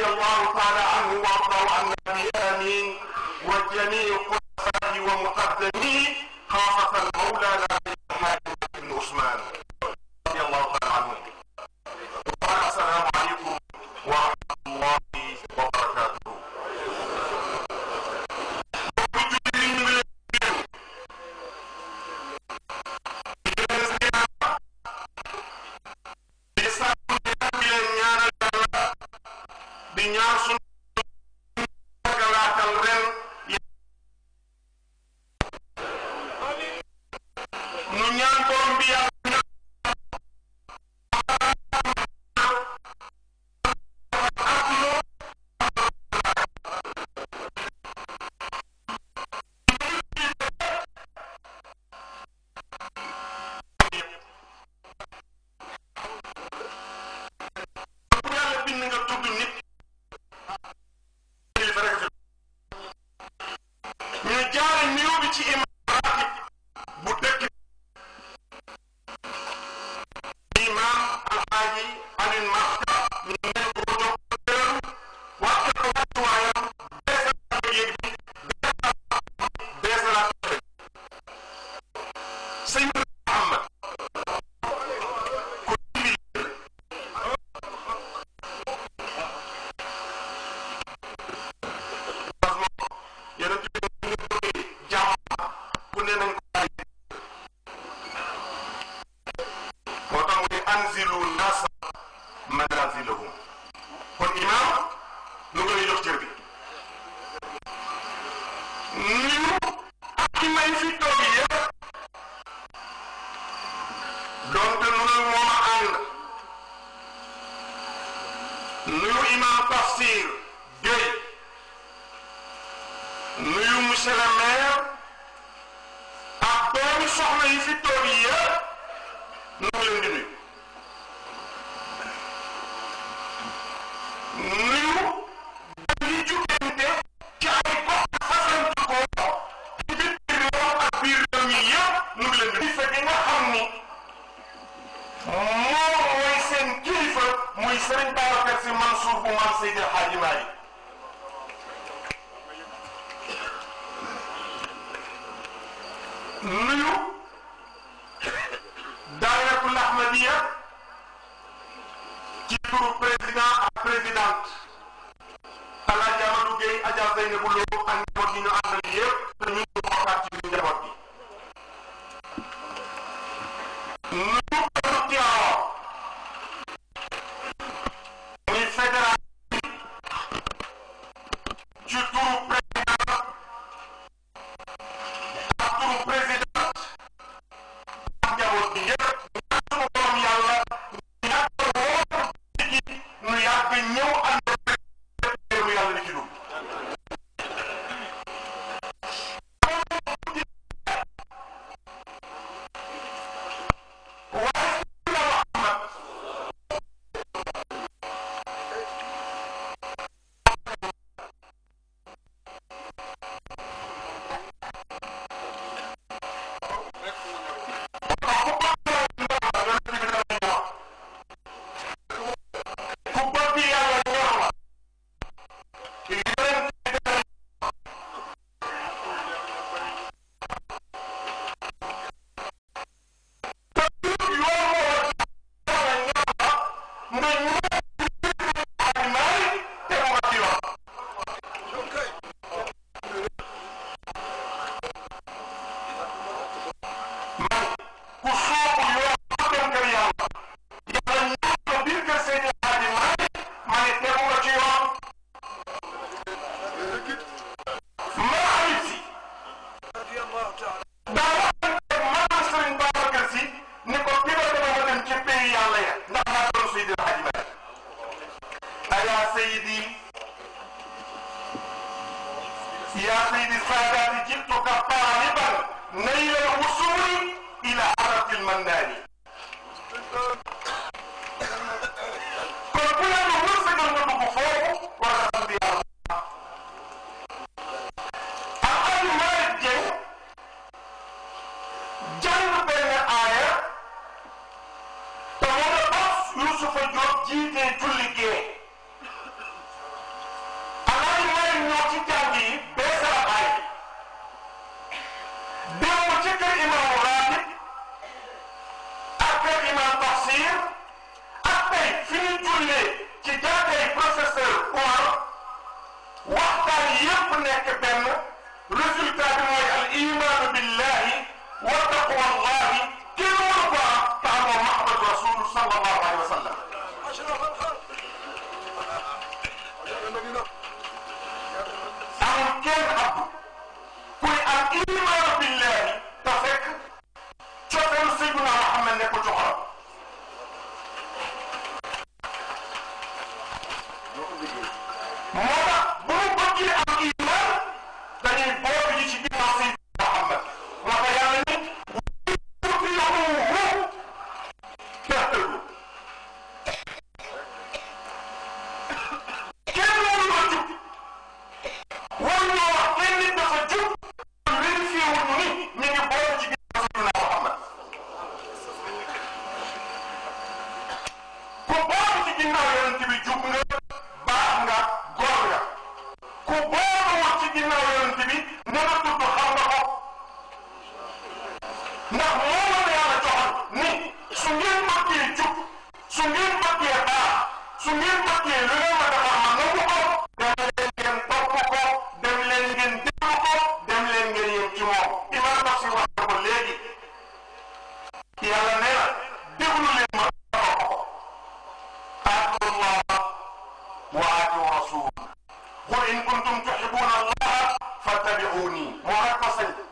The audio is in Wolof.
رضي الله تعالى di ñaar nuyu imam Tafsir Gueye nuyu monsieur le maire ak doomu soxna yi fi toog yëpp nu ngi leen Babacar Si Mansour bu maam Seydi El nuyu daayiratul Ahmadiya ci turu président ak présidente Alaaji Amadou Gueye Adja Zeynabou Lo ak njaboot gi ñu àndal yëpp te ñu ngi bokkaat fédéral ci turu président ak turu président ak njaboot bi yëpp ñaan sunu borom yàlla ñàkk woo ci nu yàgg ñëw my يا سيدي يا سيدي سادتي جئتك طالبا نيل الوصول إلى عرف المنان jullee ci jàngay professeur Omar waxtaan yépp nekk benn résultat bi mooy al imaanu billahi wa taqwa allahi kenn waru ko am taxamoo Muhammad rasul sallallahu alayhi wa sallam su ngeen bëggee baax su ngeen bëggee lu ngeen ma defar ma nangu ko dem leen ngeen topp ko dem leen ngeen déglu ko dem leen ngeen yem ci moom imaam naf si wax ko léegi yàlla nee na déglu leen ma topp ko aatu allah wa aatu rasul qul in kuntum tuhibbuna allah fattabi'uni moo rek ko sañ